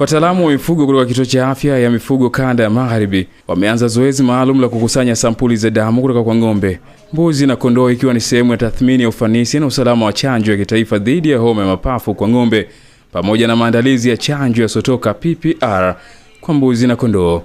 Wataalamu wa mifugo kutoka kituo cha afya ya mifugo kanda ya Magharibi wameanza zoezi maalum la kukusanya sampuli za damu kutoka kwa ng'ombe, mbuzi na kondoo, ikiwa ni sehemu ya tathmini ya ufanisi na usalama wa chanjo ya kitaifa dhidi ya homa ya mapafu kwa ng'ombe pamoja na maandalizi ya chanjo ya sotoka PPR kwa mbuzi na kondoo.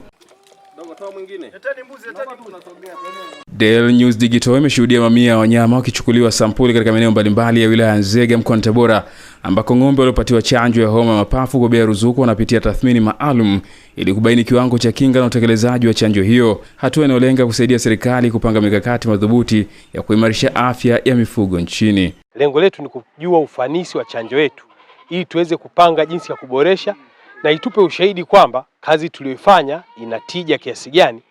Del News Digital imeshuhudia mamia ya wanyama wakichukuliwa sampuli katika maeneo mbalimbali ya wilaya ya Nzega mkoani Tabora ambako ng'ombe waliopatiwa chanjo ya homa mapafu kugombea ruzuku wanapitia tathmini maalum ili kubaini kiwango cha kinga na utekelezaji wa chanjo hiyo, hatua inayolenga kusaidia serikali kupanga mikakati madhubuti ya kuimarisha afya ya mifugo nchini. Lengo letu ni kujua ufanisi wa chanjo yetu ili tuweze kupanga jinsi ya kuboresha na itupe ushahidi kwamba kazi tuliyoifanya ina tija kiasi gani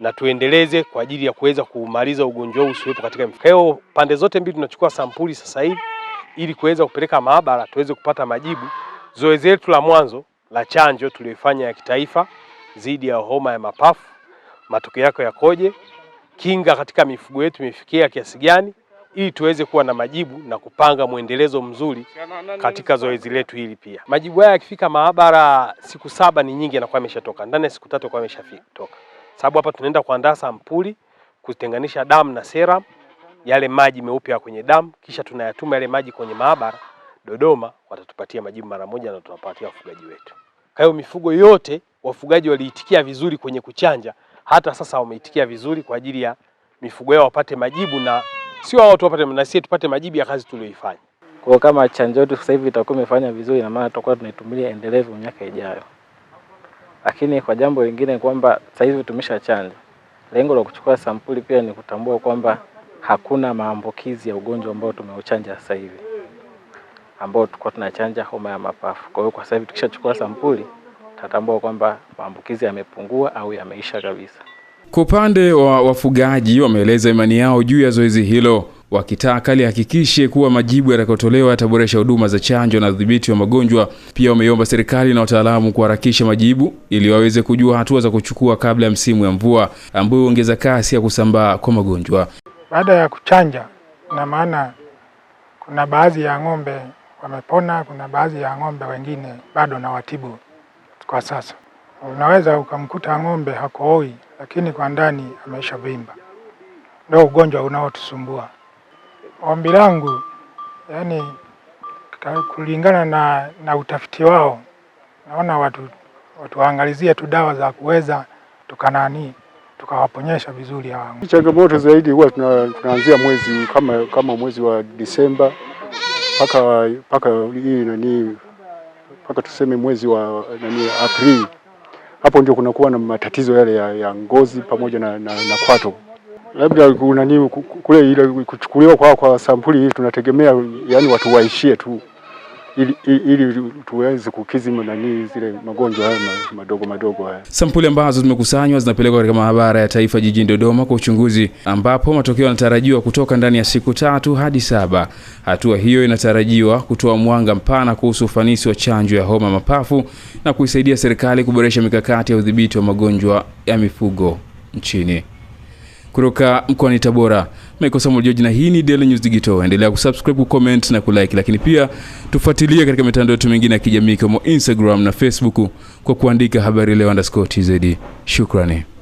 na tuendeleze kwa ajili ya kuweza kumaliza ugonjwa huu usiwepo katika mifugo. Pande zote mbili tunachukua sampuli sasa hivi ili kuweza kupeleka maabara tuweze kupata majibu. Zoezi letu la mwanzo la chanjo tuliyoifanya ya kitaifa dhidi ya homa ya mapafu, matokeo yako yakoje? Kinga katika mifugo yetu imefikia kiasi gani? ili tuweze kuwa na majibu na kupanga mwendelezo mzuri katika zoezi letu hili. Pia majibu haya yakifika maabara siku saba ni nyingi, yanakuwa yameshatoka ndani ya siku tatu, yanakuwa yameshatoka, sababu hapa tunaenda kuandaa sampuli, kutenganisha damu na serum yale maji meupe ya kwenye damu, kisha tunayatuma yale maji kwenye maabara Dodoma, watatupatia majibu mara moja na tunapatia wafugaji wetu. Kwa hiyo mifugo yote wafugaji waliitikia vizuri kwenye kuchanja, hata sasa wameitikia vizuri kwa ajili ya mifugo yao wapate majibu, na sio wao wapate, na sisi tupate majibu ya kazi tuliyoifanya. Kwa hiyo kama chanjo yetu sasa hivi itakuwa imefanya vizuri, na maana tutakuwa tunaitumia endelevu miaka ijayo. Lakini kwa jambo lingine kwamba sasa hivi tumeshachanja, lengo la kuchukua sampuli pia ni kutambua kwamba hakuna maambukizi ya ugonjwa ambao tumeuchanja sasa hivi ambao tulikuwa tunachanja homa ya mapafu. Kwa hiyo kwa sasa hivi tukishachukua sampuli tatambua kwamba maambukizi yamepungua au yameisha kabisa. Kwa upande wa wafugaji, wameeleza imani yao juu ya zoezi hilo, wakitaka lihakikishe kuwa majibu yatakayotolewa yataboresha huduma za chanjo na udhibiti wa magonjwa. Pia wameiomba serikali na wataalamu kuharakisha majibu ili waweze kujua hatua za kuchukua kabla ya msimu ya mvua ambayo huongeza kasi ya kusambaa kwa magonjwa. Baada ya kuchanja, na maana kuna baadhi ya ng'ombe wamepona, kuna baadhi ya ng'ombe wengine bado na watibu kwa sasa. Unaweza ukamkuta ng'ombe hakohoi, lakini kwa ndani ameisha vimba, ndio ugonjwa unaotusumbua. Ombi langu yani, kulingana na, na utafiti wao naona watu watuangalizie tu dawa za kuweza tukanani tukawaponyesha vizuri hawa. Changamoto zaidi huwa tunaanzia mwezi kama, kama mwezi wa Disemba mpaka mpaka hii nani mpaka tuseme mwezi wa nani Aprili, hapo ndio kunakuwa na matatizo yale ya, ya ngozi pamoja na, na, na kwato labda kuna nini kule ile kuchukuliwa kwa, kwa sampuli hii tunategemea yani watu waishie tu ili, ili tuweze kukizi nani zile magonjwa haya madogo madogo haya. Sampuli ambazo zimekusanywa zinapelekwa katika maabara ya taifa jijini Dodoma kwa uchunguzi, ambapo matokeo yanatarajiwa kutoka ndani ya siku tatu hadi saba. Hatua hiyo inatarajiwa kutoa mwanga mpana kuhusu ufanisi wa chanjo ya homa mapafu na kuisaidia serikali kuboresha mikakati ya udhibiti wa magonjwa ya mifugo nchini kutoka mkoani Tabora. Michael Samuel George na hii ni Daily News Digital. Endelea kusubscribe, kucomment na kulike, lakini pia tufuatilie katika mitandao yetu mingine ya kijamii kama Instagram na Facebook kwa kuandika habari leo_tz. Shukrani.